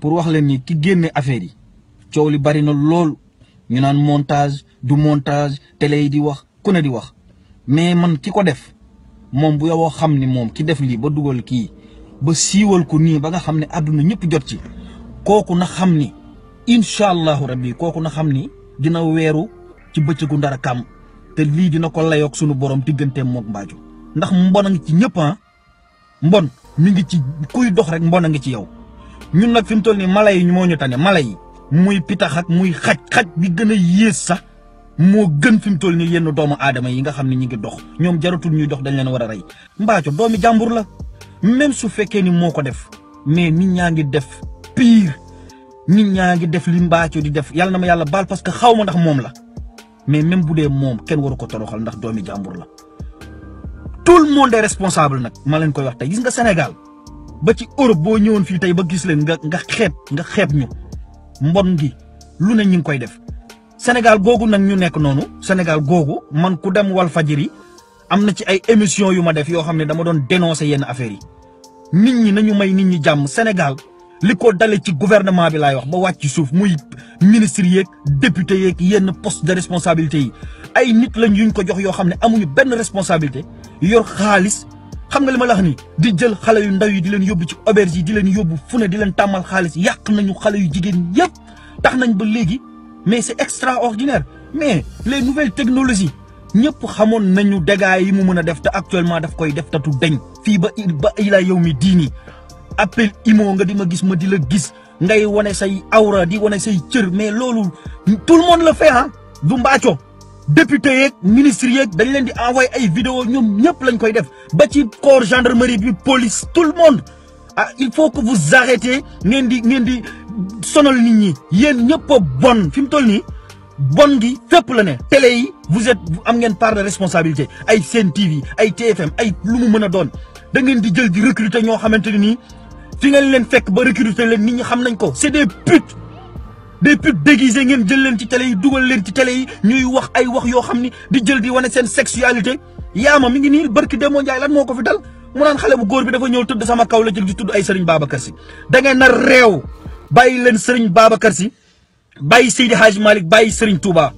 pour wax leen ni ki génne affaire yi coow li bari na lool ñu naan montage du montage télé yi di wax ku ne di wax mais man ki ko def moom bu yow xam ni moom ki def lii ba dugal kii ba siiwal ko nii ba nga xam ne àdduna ñëpp jot ci kooku na xam ni incha allahu rabbi kooku na xam ni dina weeru ci bëccëgu ndara kàmm te lii dina ko layoog sunu borom digganteem mook mbaaju ndax mbon a ngi ci ñëpp ah mbon mi ngi ci kuy dox rek mbon a ngi ci yow. ñun nak fim tolni malay ñu mala ñu tane malay muy pitax ak muy xaj xaj bi gëna yees sax mo gën fim tolni yenn doomu adama yi nga xamni ñi ngi dox ñom jaratul ñuy dox dañ leen wara ray mbaaccu doomi jàmbur la même su fekkee ni moko def mais nit ñaangi def pire nit ñaangi def li mbaaccu di def yalla na ma yalla bal parce que xawma ndax mom la mais même bu dee moom kenn waru ko toroxal ndax doomi jàmbur la tout le monde est responsable nak ma leen koy wax tay gis nga Sénégal ba ci Europe boo ñëwoon fii tey ba gis leen nga nga xeeb nga xeeb ñu mbon gi lu ne ñu ngi koy def Sénégal googu nag ñu nekk noonu Sénégal googu man ku dem wal yi am na ci ay émission yu ma def yoo xam ne dama doon dénoncer yenn affaires yi nit ñi nañu may nit ñi jàmm Sénégal li ko dale ci gouvernement bi laay wax ba wàcc suuf muy ministre yeeg député yeeg yenn post de responsabilité yi ay nit lañ yuñ ko jox yoo xam ne amuñu benn responsabilité yor xaalis xam nga li ma la wax ni di jël xale yu ndaw yi di leen yóbbu ci auberge yi di leen yóbbu fune di leen tàmmal xaalis yàq nañu xale yu jigéen yépp tax nañ ba léegi mais c'est extraordinaire mais les nouvelles technologies ñëpp xamoon nañu dégâts yi mu mën a def te actuellement daf koy def tatu dañ fii ba ba ila yow mi diini appel imo nga di ma gis ma di la gis ngay wane say awra di wane say cër mais loolu tout le monde le fait ah du mbaaco député ministre di ay vidéo ñom ñep lañ def ba ci corps gendarmerie bi police tout le monde ah, il faut que vous arrêtez ngeen di ngeen di sonal nit ñi yeen ñep bonne toll télé vous êtes am part de responsabilité ay TV ay TFM ay lu mu mën da ngeen di jël di c'est des putes des putes déguisées ngeen jël leen ci télé yi dugal leen ci tele yi ñuy wax ay wax yoo xam ni di jël di wane seen sexualité yaama mi ngi nii barki Demba Ndiaye lan moo ko fi dal mu naan xale mu goor bi dafa ñëw tëdd sama kaw la jël di tudd ay Serigne Babacar Sy da ngeen na réew bàyyi leen Serigne Babacar Sy bàyyi Seydi Hadj Malick bàyyi seriñ Touba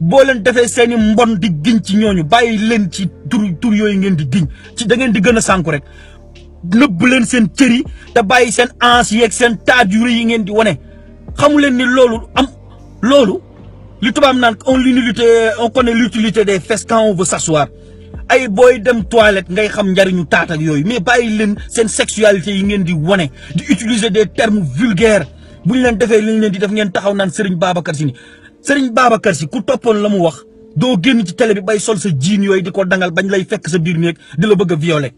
boo leen defee seen i mbon di giñ ci ñooñu bàyyi leen ci tur tur yooyu ngeen di giñ ci da ngeen di gën a sànku rek nëbb leen seen cër yi te bàyyi seen ans seen taat yu yi ngeen di wane. xamulen ni loolu am loolu li tubam nan on l'utilité on connaît l'utilité des fesses quand on veut s'asseoir ay boy dem toilette ngay xam njariñu taat ak yooyu mais bàyyi leen seen sexualité yi ngeen di woné di utiliser des termes vulgaires buñ len défé liñ len di def ngeen taxaw nan Serigne Babacar Sy Serigne Babacar Sy ku toppoon lamu wax do génn ci télé bi bay sol sa jiin yoy diko dangal bañ lay fekk sa biir néeg di la bëgg violer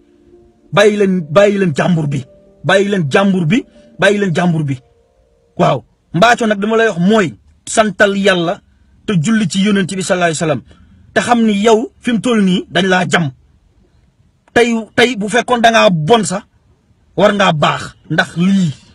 bàyyi leen bàyyi leen jàmbur bi bàyyi leen jàmbur bi bàyyi leen jàmbur bi waaw mbaacoo nag dama lay wax mooy santal yàlla te julli ci yonent bi sallallahu alayhi te xam ni yow fi mu toll nii dañ laa jam tey tey bu fekkoon da bon sax war ngaa baax ndax lii